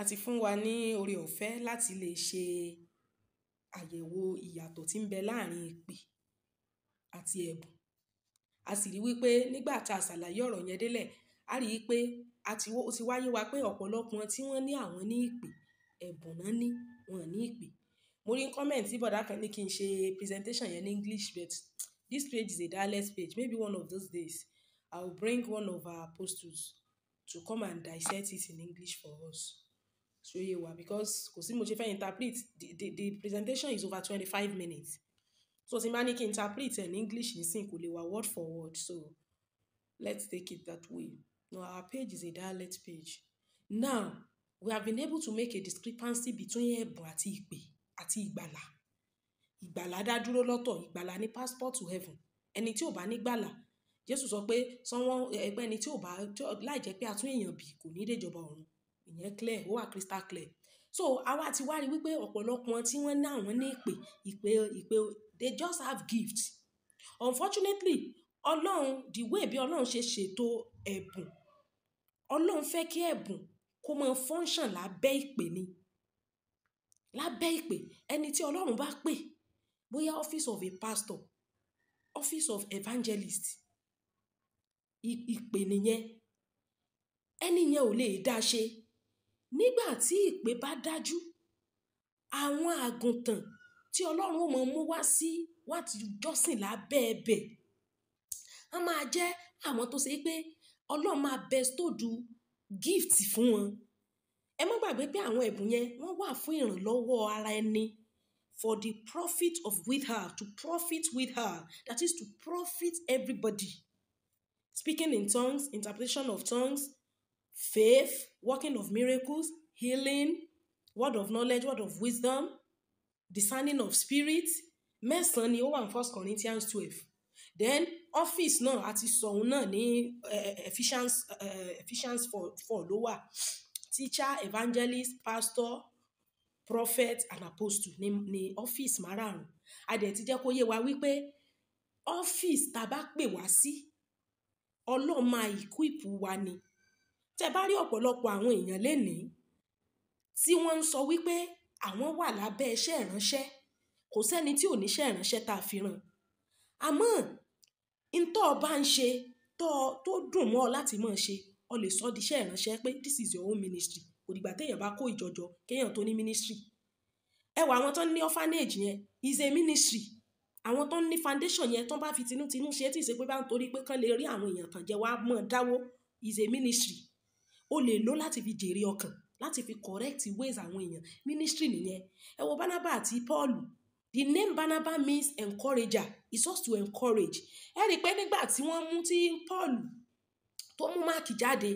àti fún wa ní oore ọ̀fẹ́ láti lè ṣe àyẹ̀wò ìyàtọ̀ tí ń bẹ láàrin ìpè àti ẹ̀bùn. A sì rí wípé nígbà tá a ṣàlàyé ọ̀rọ̀ yẹn délẹ̀, a rí i pé a ti ó ti wáyé wa pé ọ̀pọ̀lọpọ̀ tí wọ́n ní àwọn ní ìpè, ẹ̀bùn náà ní, wọn ní ìpè. Mo rí comment tí bọ̀dá kan ní kí n ṣe presentation yẹn ní English but this page is a dialect page. Maybe one of those days I will bring one of our apostles to come and dissect it in English for us ṣó yé wa because kò sí mo ṣe fẹ́ interpret the the the presentation is over twenty five minutes so tí n ní kí interpret ẹ̀ ní English nísìn kò lè wá word for word so let's take it that way no our page is a dialect page now we have been able to make a discrepancy between ẹ̀bùn àti ìpè àti ìgbàlà ìgbàlà dá dúró lọ́tọ̀ ìgbàlà ní passport to heaven ẹni tí ò bá ní gbàlà Jésù sọ pé sanwó ẹgbẹ́ ẹni tí ò bá láì jẹ́ pé a èèyàn bì kò ní déjọba ọ̀run ìyẹn clear ó wà crystal clear. So àwa ti wá rí wípé ọ̀pọ̀lọpọ̀ tí wọ́n ní àwọn ní ìpè ìpè ìpè they just have gifts. Unfortunately Ọlọ́run the way bí Ọlọ́run ṣe ṣètò ẹ̀bùn Ọlọ́run fẹ́ kí ẹ̀bùn kó máa function lábẹ́ ìpè ni lábẹ́ ìpè ẹni tí Ọlọ́run bá pè bóyá office of a pastor office of evangelist ìpè nìyẹn ẹni yẹn ò lè dá ṣe Nígbà tí ìpè bá dájú, àwọn àgùntàn tí Ọlọ́run ó mọ̀ mú wá sí wá ti jọ́sìn lábẹ́ ẹbẹ̀, a máa jẹ́ àwọn tó ṣe pé Ọlọ́run máa bestowed gift fún wọn. Ẹ má gbàgbé pé àwọn ẹ̀bùn yẹn wọ́n wà fún ìrànlọ́wọ́ ara ẹni. For the profit of with her, to profit with her, that is to profit everybody. Speaking in tongues, interpretation of tongues, faith, working of miracles, healing, word of knowledge, word of wisdom, discerning of spirit, mẹ́sàn-án ni ó wà ní First Corinthians twelve then office náà àti sọ̀hún náà ní Ephesians four ló wà teacher evangelist pastor prophet and apostle ní ní office márààrún adẹ̀ ti jẹ́ kó yé wa wípé office tá a bá pè wá sí ọlọ́run máa equip wa ni tẹ bá rí ọ̀pọ̀lọpọ̀ àwọn èèyàn lénìí tí wọ́n ń sọ wípé àwọn wà lábẹ́ iṣẹ́ ìránṣẹ́ kò sẹ́ni tí ò níṣẹ́ ìránṣẹ́ tá a fi ràn àmọ́ ntọ́ ọba ń ṣe tó dùn mọ́ ọ láti máa ṣe ọ lè sọ díṣẹ́ ìránṣẹ́ pé this is your own ministry òdìgbà téèyàn bá kó ìjọjọ kéèyàn tó ní ministry ẹ wà àwọn tó ní orphanage yẹn is a ministry àwọn tó ń ní foundation yẹn tó bá fi tinútinú ṣe tí ì ṣe pé bá ń torí pé kán lè rí àwọn èèyàn tàn jẹ wá mọ́ dáwó is a ministry o lè lò láti fi jèrè ọkàn láti fi correct ways àwọn èèyàn ministry nìyẹn ẹ wo Barnaba àti Paul the name Barnaba means encourager it's also to encourage ẹ rí i pé nígbà tí wọ́n mú tí Paul tó mú máàkì jáde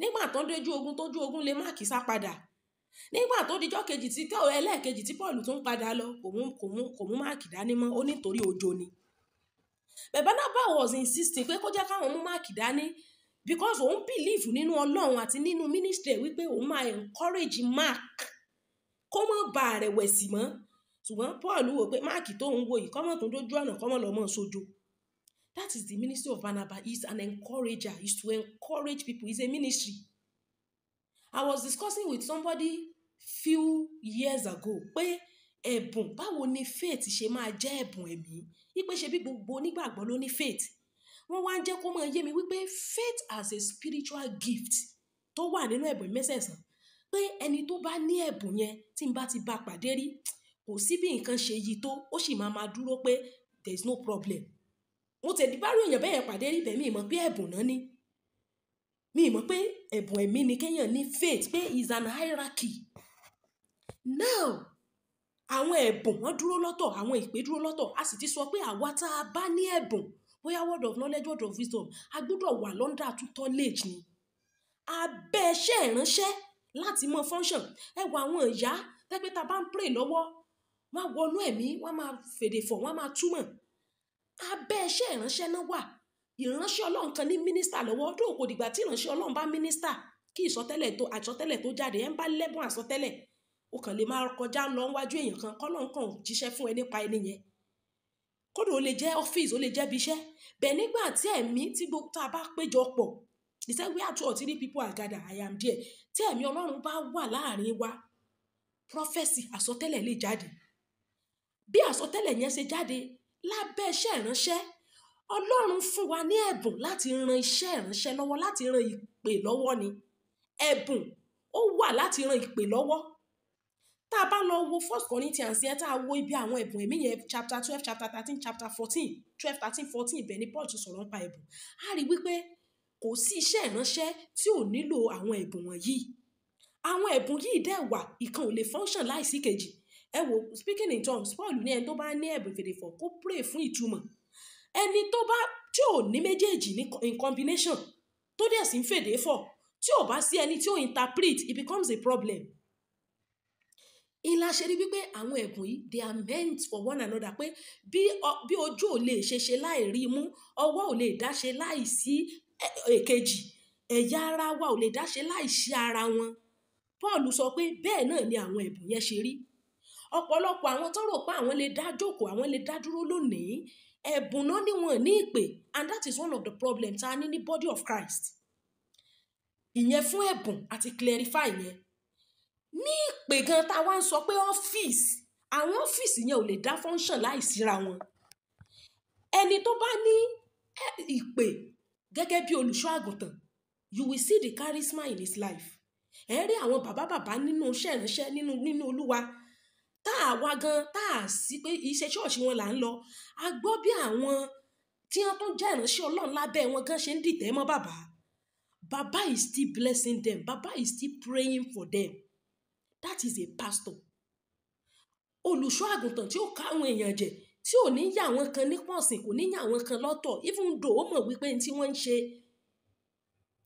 nígbà tó ń dojú ogun tójú ogun lè máàkì sá padà nígbà tó dijọ́ kejì tí tẹ́ ẹlẹ́ẹ̀kejì tí Paul tó ń padà lọ kò mú kò mú kò mú máàkì dání mọ́ ó nítorí ojo ni bẹ̀bẹ̀ náà was insisting pé kó jẹ́ káwọn mú máàkì dání because òun believe nínú ọlọ́run àti nínú ministry wípé òun máa encourage mark kó mọ̀ bá rẹ̀wẹ̀sì mọ́ ṣùgbọ́n paul wò pé mark tóun wo yìí kọ́mọ̀ tó dójú ọ̀nà kọ́mọ̀ lọ́mọ sojo that is the ministry of barnabas he is an encourager he is to encourage people he is a ministry i was discussing with somebody few years ago pé ẹ̀bùn báwo ni faith ṣe máa jẹ́ ẹ̀bùn ẹ̀mí wípé ṣe bí gbogbo onígbàgbọ́ ló ní faith wọ́n wá ń jẹ́ kó máa yé mi wípé faith as a spiritual gift tó wà nínú ẹ̀bùn mẹ́sẹ̀sán pé ẹni tó bá ní ẹ̀bùn yẹn tí n bá ti bá pàdé rí kò sí bí nǹkan ṣe yí tó ó sì máa máa dúró pé there is no problem mo tẹ̀dí bá rí èèyàn bẹ́ẹ̀ pàdé rí bẹ́ẹ̀ mi mọ̀ pé ẹ̀bùn náà ni mi mọ̀ pé ẹ̀bùn ẹ̀mí ni kéèyàn ní faith pé is an hierarchy now àwọn ẹ̀bùn wọn dúró lọ́tọ̀ àwọn ìpè dúró lọ́tọ̀ a sì ti sọ pé àwa tá a bá ní ẹ̀bùn bóyá word of knowledge word of wisdom a gbọ́dọ̀ wà lọ́ndà tuntun lèjì ni abẹ́ ẹṣẹ́ ìránṣẹ́ láti mọ function ẹ wọ àwọn ìyá tẹ́gbẹ́ ta bá ń pray lọ́wọ́ wọ́n á wọnú ẹ̀mí wọ́n á máa fèdè fọ̀ wọ́n á máa túmọ̀ abẹ́ ẹṣẹ́ ìránṣẹ́ náà wà ìránṣẹ́ ọlọ́run kan ní mínísítà lọ́wọ́ tó kò dìgbà tí ìránṣẹ́ ọlọ́run bá mínísítà kí ìsọtẹ́lẹ̀ tó àsọtẹ́lẹ̀ tó jáde ẹ̀ ń bá lẹ́bùn àsọtẹ́lẹ̀ o kàn lè máa kọjá lọ wájú èèyàn kan kọ́lọ́n kan ò jíṣẹ́ fún ẹ nípa ẹni yẹn kódà ó lè jẹ́ ọ́fíìsì ó lè jẹ́ ibi iṣẹ́ bẹ́ẹ̀ nígbà tí ẹ̀mí tí gbogbo tá a bá péjọ pọ̀ he said where two or three people are gathered I am there tí ẹ̀mí ọlọ́run bá wà láàrin wa prophesy àsọtẹ́lẹ̀ lè jáde bí àsọtẹ́lẹ̀ yẹn ṣe jáde lábẹ́ iṣẹ́ ìránṣẹ́ ọlọ́run fún wa ní ẹ̀bùn láti ran iṣẹ́ ìránṣẹ́ lọ́wọ́ láti ran ìpè lọ́wọ́ ni ẹ̀bùn ó wà láti ran ìpè lọ́wọ́ tá a bá lọ wo first corinthians yẹn tá a wo ibi àwọn ẹ̀bùn ẹ̀mí yẹn chapter twelve chapter thirteen chapter fourteen twelve thirteen fourteen ibẹ̀ ni paul ti sọ̀rọ̀ nípa ẹ̀bùn a rí wípé kò sí iṣẹ́ ìránṣẹ́ tí ò nílò àwọn ẹ̀bùn wọ̀nyí àwọn ẹ̀bùn yìí dẹ̀ wà ìkan ò lè function láìsí kejì ẹ wo speaking in tongues paul ní ẹni tó bá ní ẹ̀bùn fèrèfọ̀ kó pray fún ìtumọ̀ ẹni tó bá tí ò ní méjèèjì ní in combination tó dẹ̀ sì ń fèdè fọ̀ tí ò bá sí ẹni tí ò interpret it becomes a problem ìlà ṣe rí wípé àwọn ẹ̀bùn yìí they are meant for one another pé bí ojú ò lè ṣe ṣe láì rí mú ọwọ́ ò lè dá ṣe láì sí èkejì ẹ̀yà ara wa ò lè dá ṣe láì sí ara wọn Paul sọ pé bẹ́ẹ̀ náà ni àwọn ẹ̀bùn yẹn ṣe rí ọ̀pọ̀lọpọ̀ àwọn tó rò pé àwọn lè dá jókòó àwọn lè dá dúró lónìí ẹ̀bùn náà ni wọ́n ní ìpè and that is one of the problems ta ní ní body of Christ ìyẹn fún ẹ̀bùn àti clarify yẹn ní ìpè gan ta wá ń sọ pé ọ́fíìsì àwọn ọ́fíìsì yẹn ò lè dá function láì síra wọn ẹni tó bá ní ìpè gẹ́gẹ́ bí olùṣọ́ àgùntàn you will see the charisma in his life ẹ rí àwọn bàbá bàbá nínú iṣẹ́ ìránṣẹ́ nínú nínú olúwa tá a wá gan tá a sí pé iṣẹ́ ṣọ́ọ̀ṣì wọn là ń lọ a gbọ́ bí àwọn tí wọ́n tún jẹ́ ìránṣẹ́ ọlọ́run lábẹ́ wọn gan ṣe ń dìtẹ̀ mọ́ bàbá bàbá is still blessing them bàbá is still praying for them that is a pastor olùṣọ́ àgùntàn tí ó ká àwọn èèyàn jẹ tí ò ní yà wọn kan ní pọ̀sìn kò ní yà wọn kan lọ́tọ̀ even though ó mọ̀ wípé tí wọ́n ń ṣe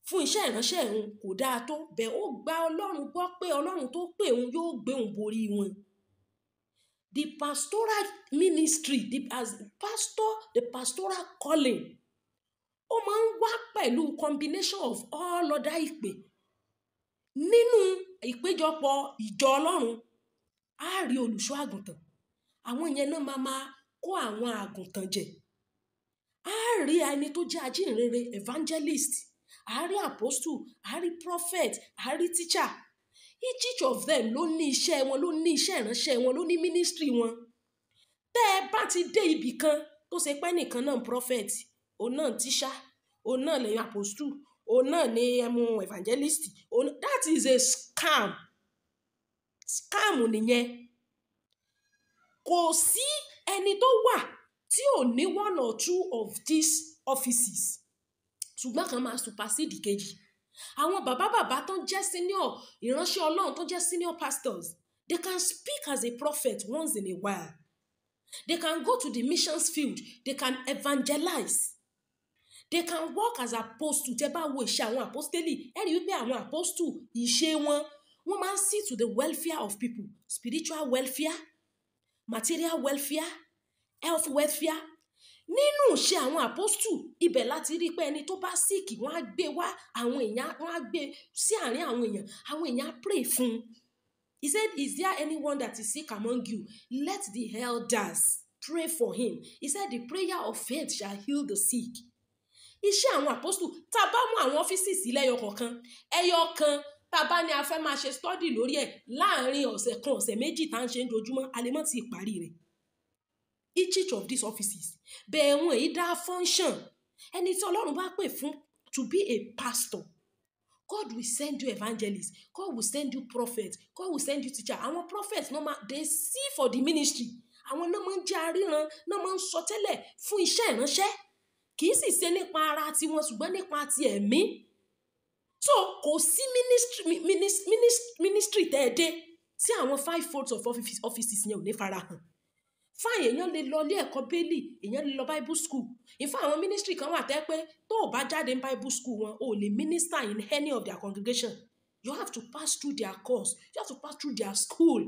fún iṣẹ́ ìránṣẹ́ òun kò dáa tó bẹ́ẹ̀ ó gba ọlọ́run gbọ́ pé ọlọ́run tó pè òun yóò gbé òun borí wọn. the pastoral ministry the as pastor the pastoral calling ó máa ń wá pẹ̀lú combination of all other ìpè nínú ìpéjọpọ̀ ìjọ Ọlọ́run á rí olùṣọ́ àgùntàn àwọn yẹn náà máa máa kó àwọn àgùntàn jẹ á rí ẹni tó jẹ́ ajínrere evangelist á rí apostle á rí prophet á rí teacher each of them ló ní iṣẹ́ wọn ló ní iṣẹ́ ìránṣẹ́ wọn ló ní ministry wọn tẹ́ ẹ bá ti dé ibì kan tó ṣe pé nìkan náà prophet òun náà tíṣà òun náà lẹ́yìn apostle òun náà ni ẹmu evangelist òun that is a scam scam nìyẹn kò sí ẹni tó wà tí ò ní one or two of these offices ṣùgbọ́n kan máa supersede kejì àwọn bàbá bàbá tó ń jẹ́ senior ìránṣẹ́ ọlọ́run tó ń jẹ́ senior pastors they can speak as a prophet once in a while they can go to the missions field they can evangelize they can work as apostle tẹ́ bá wo ìṣe àwọn apostoli ẹ rí wípé àwọn apostle ìṣe wọn wọ́n máa ń see to the welfare of people spiritual welfare material welfare health welfare nínú ìṣe àwọn apostle ibẹ̀ láti rí pé ẹni tó bá sick wọ́n á gbé wá àwọn èèyàn wọ́n á gbé sí àárín àwọn èèyàn àwọn èèyàn á pray fún he said is there anyone that is sick among you let the elders pray for him he said the prayer of faith shall heal the sick iṣẹ́ àwọn àpọ́sù tá a bá mú àwọn ọ́fíìsì sílẹ̀ ẹyọ kọ̀ọ̀kan tá a bá ní a fẹ́ máa ṣe stọ́dì lórí ẹ̀ láàrin ọ̀sẹ̀ kan ọ̀sẹ̀ méjì tá à ń ṣe ń dojúmọ́ a mọ́ ti parí rẹ̀ each of these offices bẹ́ẹ̀ wọn èyí dá function ẹni tí ọlọ́run bá pè fún to be a pastor God will send you evangelist God will send you prophet God will send you teacher àwọn prophet normal they see for the ministry àwọn náà máa ń jẹ́ aríran náà máa ń sọ tẹ́lẹ̀ fún iṣẹ́ ìránṣẹ́ kì í sì ṣe nípa ara tiwọn ṣùgbọ́n nípa ti ẹ̀mí so kò sí ministry tẹ́ ẹ dé tí àwọn five folds of offices yẹn ò ní farahàn fáìn èèyàn lè lọ ilé ẹ̀kọ́ bẹ́ẹ̀lì èèyàn lè lọ bible school ìfá àwọn ministry kan wà tẹ́ pé tó o bá jáde ní bible school wọn o lè minister in any of their congregation you have to pass through their course you have to pass through their school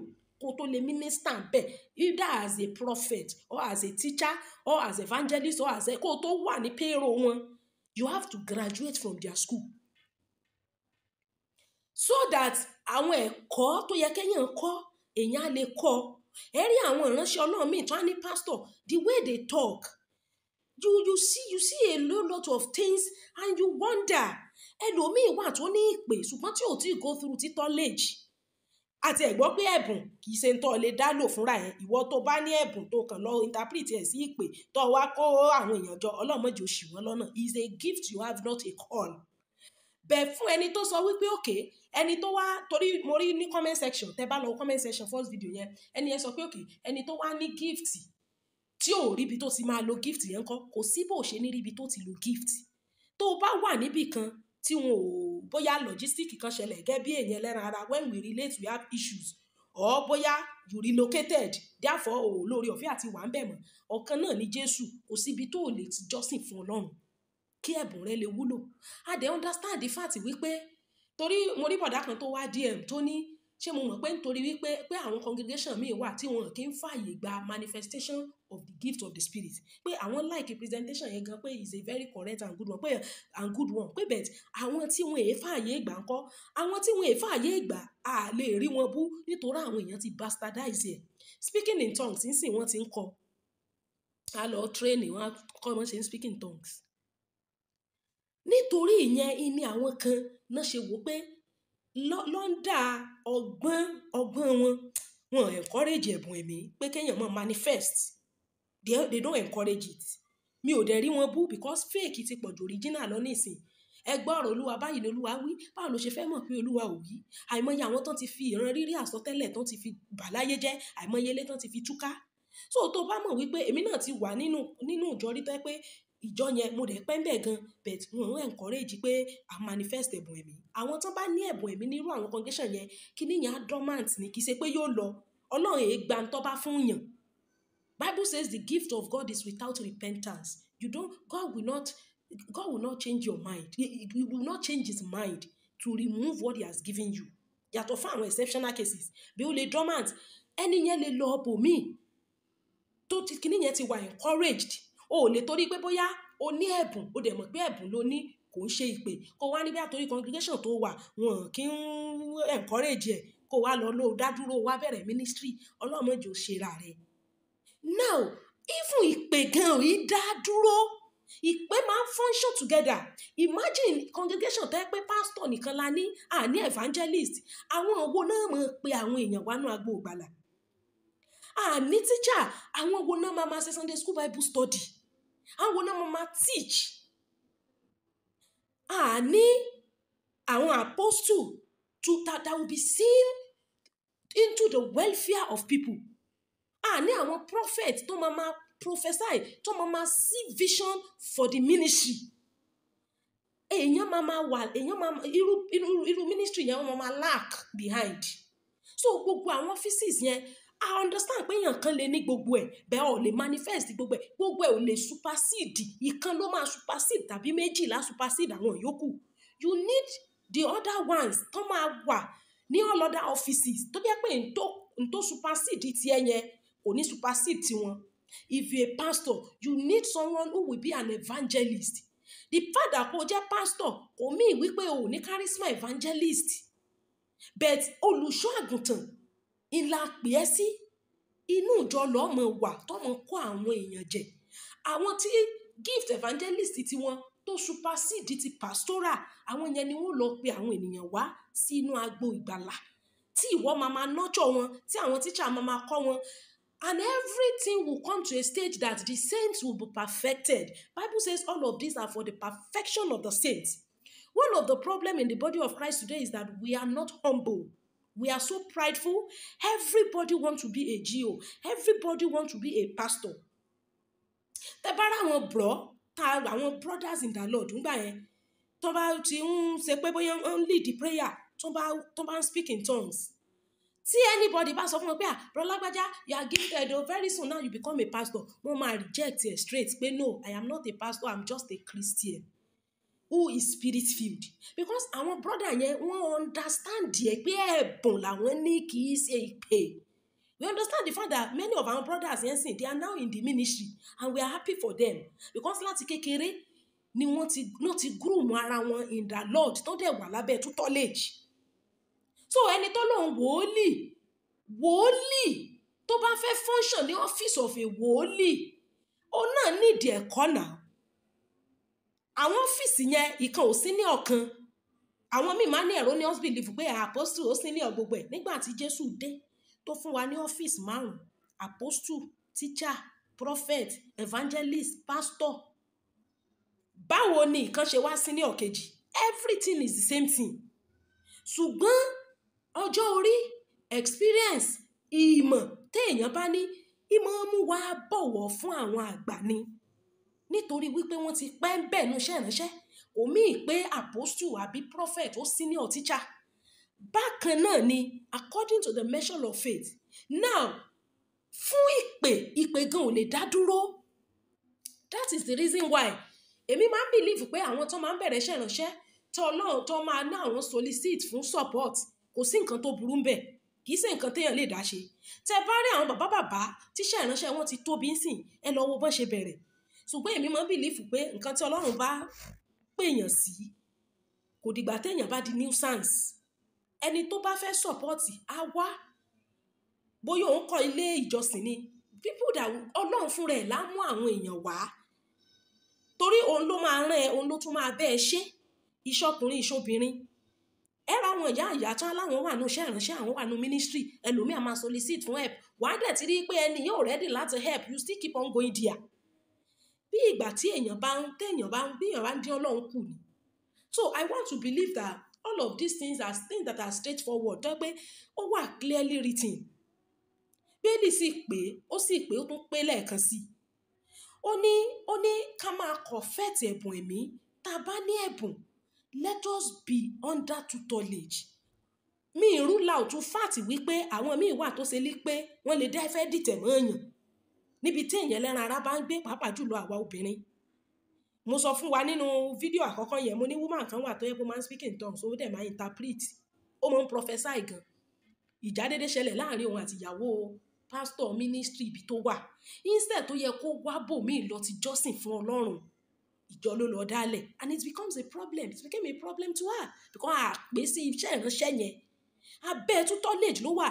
kó tó lè minister bẹ́ẹ̀ either as a prophet or as a teacher or as evangelist or as a kó tó wà ní payroll wọn you have to graduate from their school so that àwọn ẹ̀kọ́ tó yẹ kéèyàn kọ́ èèyàn á lè kọ́ ẹ rí àwọn ìránṣẹ́ ọlọ́run míì tó á ní pastor the way they talk you you see you see a lot of things and you wonder ẹlòmíì wà tó ní ìpè ṣùgbọ́n tí ò tí go through ti college àti ẹ̀gbọ́ pé ẹ̀bùn kì í ṣe ń tọ́ lè dá lò fúnra yẹn ìwọ tó bá ní ẹ̀bùn tó kàn lọ interpret ẹ̀ sí ìpè tó wá kó àwọn èèyàn jọ ọlọ́mọdé oṣù wọn lọ́nà is a gift you have not a call. bẹ́ẹ̀ fún ẹni tó sọ wípé òkè ẹni tó wá torí mo rí ní comment section tẹ́ bá lọ comment section first video yẹn ẹni yẹn sọ pé òkè ẹni tó wá ní gift tí ò ríbi tó ti máa lo gift yẹn kọ́ kò sí bó ṣe ní ríbi tó ti lo gift tó o bá wà níbì kan tí wọn ò bóyá logistic kan ṣẹlẹ̀ gẹ́gẹ́ bí èèyàn ẹlẹ́ran ara when we relate we have issues or bóyá you relocated therefore o lórí ọ̀fẹ́ àti wà ń bẹ̀ mọ́ ọ̀kan náà ni Jésù kò síbi tó lè ti jọ́sìn fún Ọlọ́run kí ẹ̀bùn rẹ lè wúlò a dẹ̀ understand the fact wípé torí mo rí bọ̀dá kan tó wá DM tó ní ṣé mo mọ̀ pé nítorí wípé pé àwọn congregation míì wà tí wọn kì í fààyè gba manifestation of the gift of the spirit pé àwọn like presentation yẹn gan pé is a very correct and good one pé and good one pé bẹ́ẹ̀ àwọn tí wọn èé fààyè gbà ńkọ́ àwọn tí wọn èé fààyè gbà á lè rí wọn bú nítorí àwọn èèyàn ti bastardize ẹ̀ speaking in tongues nísìn wọn ti ń kọ́ a lọ train wọn kọ́ wọn ṣe ń speak in tongues nítorí ìyẹn ni àwọn kan náà ṣe wò pé lọ́ńdà ọgbọ́n ọgbọ́n wọn wọn encourage ẹ̀bùn ẹ̀mí pé kéèyàn máa manifest they, they don't encourage it mi ò dẹ̀ rí wọn bú because fake ti pọ̀ ju original lọ nísìn ẹ gbọ́ ọ̀rọ̀ olúwa báyìí ni olúwa wí báwo ló ṣe fẹ́ mọ̀ pé olúwa ò wí àìmọye àwọn tán ti fi ìran rírí àsọtẹ́lẹ̀ tán ti fi bàláyé jẹ́ àìmọye ilé tán ti fi túká so tó bá mọ̀ wípé èmi náà ti wà nínú nínú ìjọ rí tẹ́ pé ìjọ yẹn mo dẹ̀ pẹ́ ń bẹ̀ gan but wọn ò encourage pé a manifest ẹ̀bùn ẹ̀mí àwọn tó bá ní ẹ̀bùn ẹ̀mí nírú àwọn congregation yẹn kí níyàn á dormant ni kì í ṣe pé yóò lọ ọlọ́run èé gba ń tọ́ba fún yàn Bible says the gift of God is without repentance you don't God will not God will not change your mind he, will not change his mind to remove what he has given you yàtọ̀ fún àwọn exceptional cases bí ó lè dormant ẹni yẹn lè lọ ọbọ míì tó ti kíní yẹn ti wà encouraged o ò lè torí pé bóyá o ní ẹ̀bùn o dẹ̀ mọ̀ pé ẹ̀bùn ló ní kò ń ṣe ìpè kó wá níbi àtòrí congregation tó wà wọn kì ń encourage ẹ̀ kó wá lọ lọ dádúró wá bẹ̀rẹ̀ ministry ọlọ́mọdé ò ṣe ra rẹ̀ now even ìpè gan ò yí dá dúró ìpè máa ń function together imagine congregation tẹ́ pé pastor nìkan la ní àní evangelist àwọn òwò náà máa pe àwọn èèyàn wánú agbo ìgbàlà àní teacher àwọn òwò náà máa máa ṣe Sunday school Bible study àwọn náà mo máa teach àní àwọn apostle to that, that will be seen into the welfare of people àní àwọn prophet tó máa máa prophesy tó máa máa see vision for the ministry èèyàn máa máa wà èèyàn máa irú irú irú ministry yẹn wọ́n máa lack behind so gbogbo àwọn offices yẹn I understand pé èèyàn kan lè ní gbogbo ẹ̀ bẹ́ẹ̀ ò lè manifest gbogbo ẹ̀ gbogbo ẹ̀ ò lè supersede ìkan ló máa supersede tàbí méjìlá supersede àwọn yòókù you need the other ones tó máa wà ní all other offices tó jẹ́ pé n tó supersede ti ẹ yẹn kò ní supersede tiwọn if you a pastor you need someone who will be an evangelist the father, that kò jẹ́ pastor kò mí wípé o ò ní charisma evangelist but olùṣọ́ àgùntàn ńlá pè ẹ́ sí inú ìjọ lọ́mọ wà tọ́mọ kó àwọn èèyàn jẹ àwọn tí gift evangelist ti wọn tó supersede ti pastoral àwọn yẹn ni wọ́n lọ pe àwọn ènìyàn wá sí inú agbo ìgbàlà tí ìwọ máa máa nọ́jọ́ wọn tí àwọn teacher máa máa kọ́ wọn and everything will come to a stage that the saints will be perfected bible says all of these are for the perfection of the saints one of the problem in the body of christ today is that we are not humble we are so prideful everybody wants to be a GO everybody wants to be a pastor The bá rà àwọn bro ta àwọn brothers in the lord ńgbà yẹn tó bá ti ń ṣe pé bóyá ń lead the prayer tó bá tó bá speak in tongues See anybody bá sọ fún wọn pé ah bro lágbájá you are gifted o very soon now you become a pastor wọn máa reject ẹ straight pé no i am not a pastor i am just a christian who is spirit filled because àwọn brọ́dà yẹn wọ́n understand yẹ pé ẹ̀bùn làwọn ní kì í ṣe ìpè we understand the fact that many of our brothers yẹn sìn they are now in the ministry and we are happy for them because láti kékeré ni wọ́n ti wọ́n ti groom ara wọn in the Lord tó dẹ̀ wà lábẹ́ tutọ́ lèjì so ẹni tó lòun wòólì wòólì tó bá fẹ́ function ní office of a wòólì òun náà nídìí ẹ̀kọ́ náà àwọn ọ́fíìsì yẹn ìkan ò sí ní ọ̀kan àwọn míì máa ní erroneous belief pé apostle ó sí ní ọgbogbo ẹ̀ nígbà tí Jésù dé tó fún wa ní ọ́fíìsì márùn apostle teacher prophet evangelist pastor báwo ni ìkan ṣe wá sí ní ọ̀kejì everything is the same thing ṣùgbọ́n ọjọ́ orí experience ìmọ̀ téèyàn bá ní ìmọ̀ mú wa bọ̀wọ̀ fún àwọn àgbà ni nítorí wípé wọ́n ti pẹ́ ń bẹ̀ nu iṣẹ́ ìránṣẹ́ kò míì pé apostle àbí prophet ó senior teacher bákan náà ni according to the measure of faith now fún ìpè ìpè gan ò lè dá dúró that is the reason why èmi máa ń believe pé àwọn tó máa ń bẹ̀rẹ̀ iṣẹ́ ìránṣẹ́ tó ọlọ́run tó máa ná àwọn solicit fún support kò sí nǹkan tó burú ń bẹ̀ kì í ṣe nǹkan téèyàn lè dá ṣe tẹ bá rí àwọn bàbá bàbá tíṣẹ́ ìránṣẹ́ wọn ti tóbi ń sìn ẹ lọ wo bọ́n ṣe bẹ̀rẹ̀ ṣùgbọ́n èmi máa ń bìlífù pé nǹkan tí ọlọ́run bá pèèyàn sí kò dìgbà téèyàn bá di nuisance ẹni tó bá fẹ́ sọ̀pọ́ọ̀tì á wá bóyá òun kọ́ ilé ìjọsìn ni people that ọlọ́run fún rẹ̀ lámú àwọn èèyàn wá torí òun ló máa rán ẹ òun ló tún máa bẹ́ ẹ ṣe ìṣọkùnrin ìṣobìnrin ẹ ra àwọn ìyá ìyá tán láwọn wà nù iṣẹ́ ìránṣẹ́ àwọn wà nù ministry ẹlòmíà máa solicit fún help wàá dẹ̀ ti rí i pé ẹni yóò ready láti help you still keep on going there bí ìgbà tí èèyàn bá ń téèyàn bá ń bí èèyàn bá ń dín ọlọ́run kù ni so i want to believe that all of these things are things that are straightforward tó pé ó wà clearly written bẹ́ẹ̀lì sì pé ó sì pé ó tún pé lẹ́ẹ̀kan sí i ó ní ó ní ká máa confess ẹ̀bùn ẹ̀mí tá a bá ní ẹ̀bùn let us be under tutelage mi ìrúlà ò tún fàtì wípé àwọn míì wà tó ṣe lé pé wọ́n lè dá ẹ fẹ́ dìtẹ̀ mọ́ èèyàn níbi tí ìyẹn lẹ́ran ara bá ń gbé pàápàá jùlọ àwa obìnrin mo sọ fún wa nínú fídíò àkọ́kọ́ yẹn mo ní woman kan wà tó yẹ kó máa ń speak in tongues ó dẹ̀ máa interpret ó máa ń prophesy gan ìjà dédé ṣẹlẹ̀ láàrin òun àti ìyàwó pastor ministry ibi tó wà instead tó yẹ kó wá bòmíì lọ ti jọ́sìn fún ọlọ́run ìjọ ló lọ dálẹ̀ and it becomes a problem it became a problem to her because àpèsè iṣẹ́ ìránṣẹ́ yẹn abẹ́ tutelage ló wà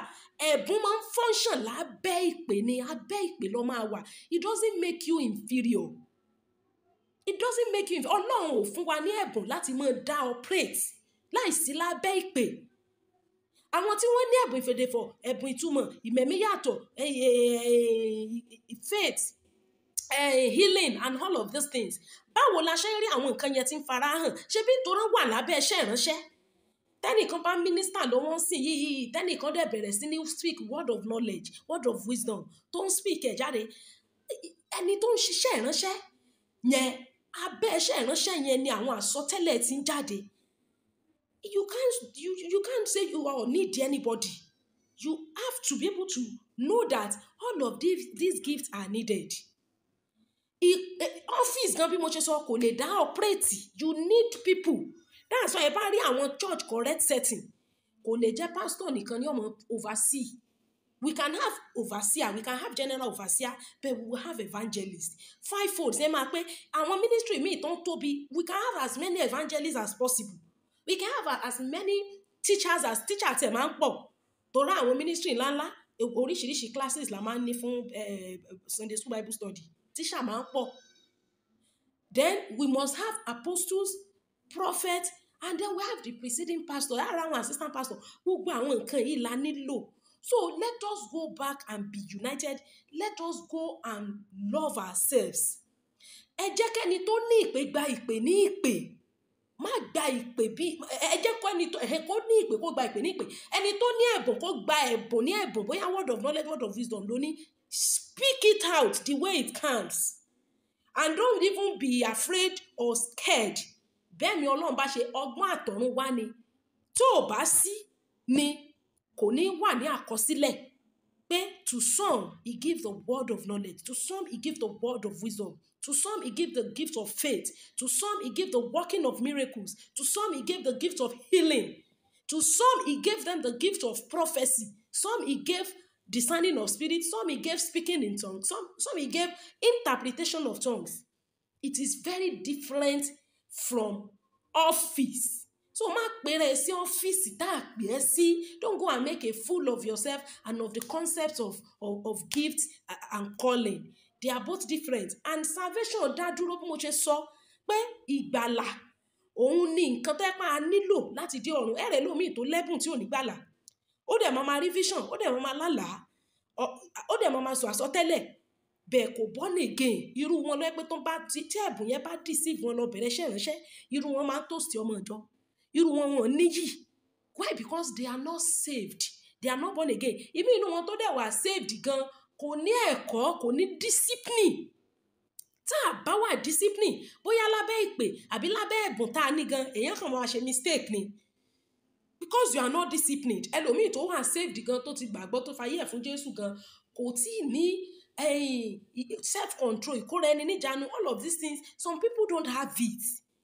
ẹ̀bùn máa ń function lábẹ́ ìpè ni abẹ́ ìpè ló máa wà it doesn't make you inferior it doesn't make you inferior ọlọ́run ò fún wa ní ẹ̀bùn láti máa dá operate láìsí lábẹ́ ìpè àwọn tí wọ́n ní ẹ̀bùn ìfèdèfọ̀ ẹ̀bùn ìtumọ̀ ìmẹ̀mí yàtọ̀ eh, eh, eh, faith healing and all of these things báwo la ṣe ń rí àwọn nǹkan yẹn tí ń farahàn ṣé bí torán wà lábẹ́ iṣẹ́ ìránṣẹ́ tẹ́nìkan bá mínísítà ló wọ́n sìn yìí yìí tẹ́nìkan dẹ̀ bẹ̀rẹ̀ sí ní speak word of knowledge word of wisdom tó ń speak ẹ̀ jáde ẹni tó ń ṣiṣẹ́ ìránṣẹ́ yẹn abẹ́ iṣẹ́ ìránṣẹ́ yẹn ni àwọn àsọtẹ́lẹ̀ ti ń jáde you can't you, you can't say you are need anybody you have to be able to know that all of these, these gifts are needed ọ́fíìsì eh, gan bí mo ṣe sọ kò lè dá ọ̀pẹ́rẹ́tì you need people dáàsọ ẹ bá rí àwọn church correct setting kò lè jẹ́ pastor nìkan ní ọmọ oversee we can have overseer we can have general overseer but we will have evangelist Five fivefold ṣe máa pé àwọn ministry míì tó ń tóbi we can have as many evangelists as possible we can have as many teachers as teachers. tẹ̀ máa ń pọ̀ torí àwọn ministry ńláńlá oríṣiríṣi classes la máa ń ní fún eh, Sunday school Bible study teacher máa ń pọ̀ then we must have apostles prophets and then we have the preceding pastor ara àwọn assistant pastor gbogbo àwọn nǹkan yìí la nílò so let us go back and be united let us go and love ourselves ẹ jẹ́ kẹ́ni tó ní ìpè gba ìpè ní ìpè má gba ìpè bí ẹ jẹ́ kó ẹni tó ẹ kó ní ìpè kó gba ìpè ní ìpè ẹni tó ní ẹ̀bùn kó gba ẹ̀bùn ní ẹ̀bùn bóyá word of knowledge word of wisdom ló ní speak it out the way it comes and don't even be afraid or scared bẹ́ẹ̀ mi ọlọ́run bá ṣe ọgbọ́n àtọ̀run wá ni tó o bá sí ni kò ní wà ní àkọsílẹ̀ pé to some he give the word of knowledge to some he give the word of wisdom to some he give the gift of faith to some he give the working of miracles to some he give the gift of healing to some he gave them the gift of prophecy some he gave discerning of spirit some he gave speaking in tongues some some he gave interpretation of tongues it is very different from office so má pèrè sí ọ́fíìsì tá a pè é sí don't go and make a fool of yourself and of the concept of of, of gift and calling they are both different and salvation dá dúró bí mo ṣe So pé ìgbàlà òun ni nǹkan tẹ́ máa nílò láti dé ọ̀run ẹ̀rẹ̀ lómi tó lẹ́bùn tí ò ní gbàlà ó dẹ̀ máa máa rí vision ó dẹ̀ máa máa lálàá ó dẹ̀ máa máa sọ bẹ́ẹ̀ kò born again irú wọn lọ́wọ́ pé tó bá tí ẹ̀bùn yẹn bá deceive wọn lọ bẹ̀rẹ̀ iṣẹ́ ìránṣẹ́ irú wọn máa ń tòsí ọmọ ìjọ irú wọn wọn níyì why because they are not saved they are not born again ìmí inú wọn tó dẹ̀ wà saved gan kò ní ẹ̀kọ́ kò ní discipline tá a bá wà discipline bóyá lábẹ́ ìpè àbí lábẹ́ ẹ̀bùn tá a ní gan èèyàn kan máa ṣe mistake ni because you are not disciplined ẹlòmíì tó wà saved gan tó ti gbàgbọ́ tó fayé ẹ̀ fún Jésù gan kò tí ì ní uh, self control ìkóra ẹni níjàánu all of these things some people don't have it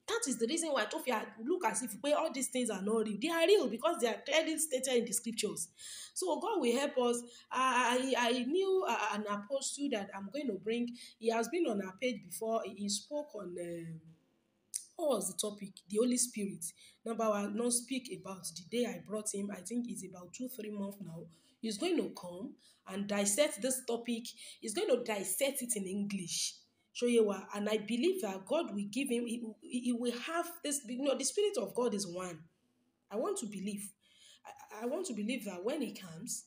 that is the reason why tó fi look as if pé all these things are not real they are real because they are clearly stated in the scriptures so God will help us I I knew an apostle that I'm going to bring he has been on our page before he spoke on. Um, what was the topic the holy spirit number one no speak about the day i brought him i think it's about two three months now He's going to come and dissect this topic. He's going to dissect it in English. Shoyewa, and I believe that God will give him, he, he will have this, you know, the Spirit of God is one. I want to believe. I, I want to believe that when he comes,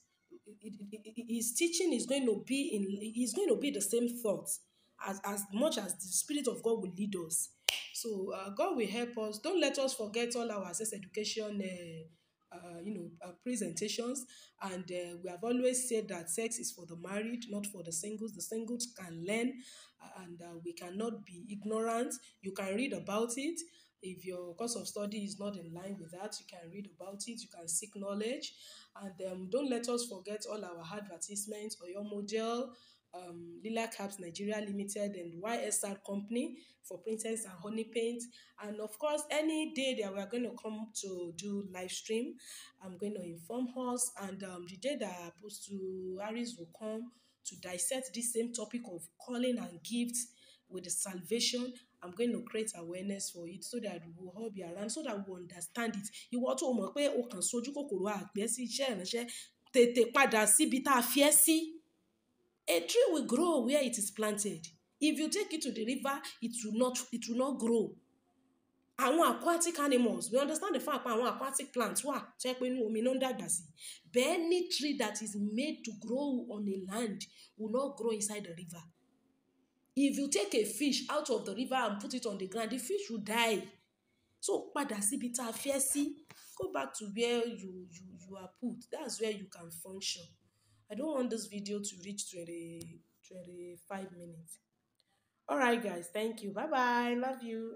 his teaching is going to be in he's going to be the same thought as, as much as the spirit of god will lead us so uh, god will help us don't let us forget all our access education uh, uh, you know uh, presentations and uh, we have always said that sex is for the married not for the singles the singles can learn uh, and uh, we cannot be ignorant you can read about it if your course of study is not in line with that you can read about it you can seek knowledge and um, don't let us forget all our advertisements or your model um, Lila Caps Nigeria Limited and YSR Company for printers and honey paint. And of course, any day that we are going to come to do live stream, I'm going to inform us. And um, the day that Apostle Harris will come to dissect this same topic of calling and gifts with the salvation i'm going to create awareness for it so that we will all be around so that we understand it ìwọ tó mọ̀ pé o kàn sojú kòkòrò àgbẹ̀ sí iṣẹ́ ìránṣẹ́ tètè padà síbi tá a fi Si A tree will grow where it is planted. If you take it to the river, it will not, it will not grow. Àwọn aquatic animals, we understand the fact pé àwọn aquatic plants wà tó yẹ pé inú omi náà ń dàgbà sí. But any tree that is made to grow on a land will not grow inside the river. If you take a fish out of the river and put it on the ground, the fish will die. So padà síbi tá a fẹ́ sí. Go back to where you, you, you are put. That's where you can function. I don't want this video to reach 20, 25 minutes. All right, guys. Thank you. Bye-bye. Love you.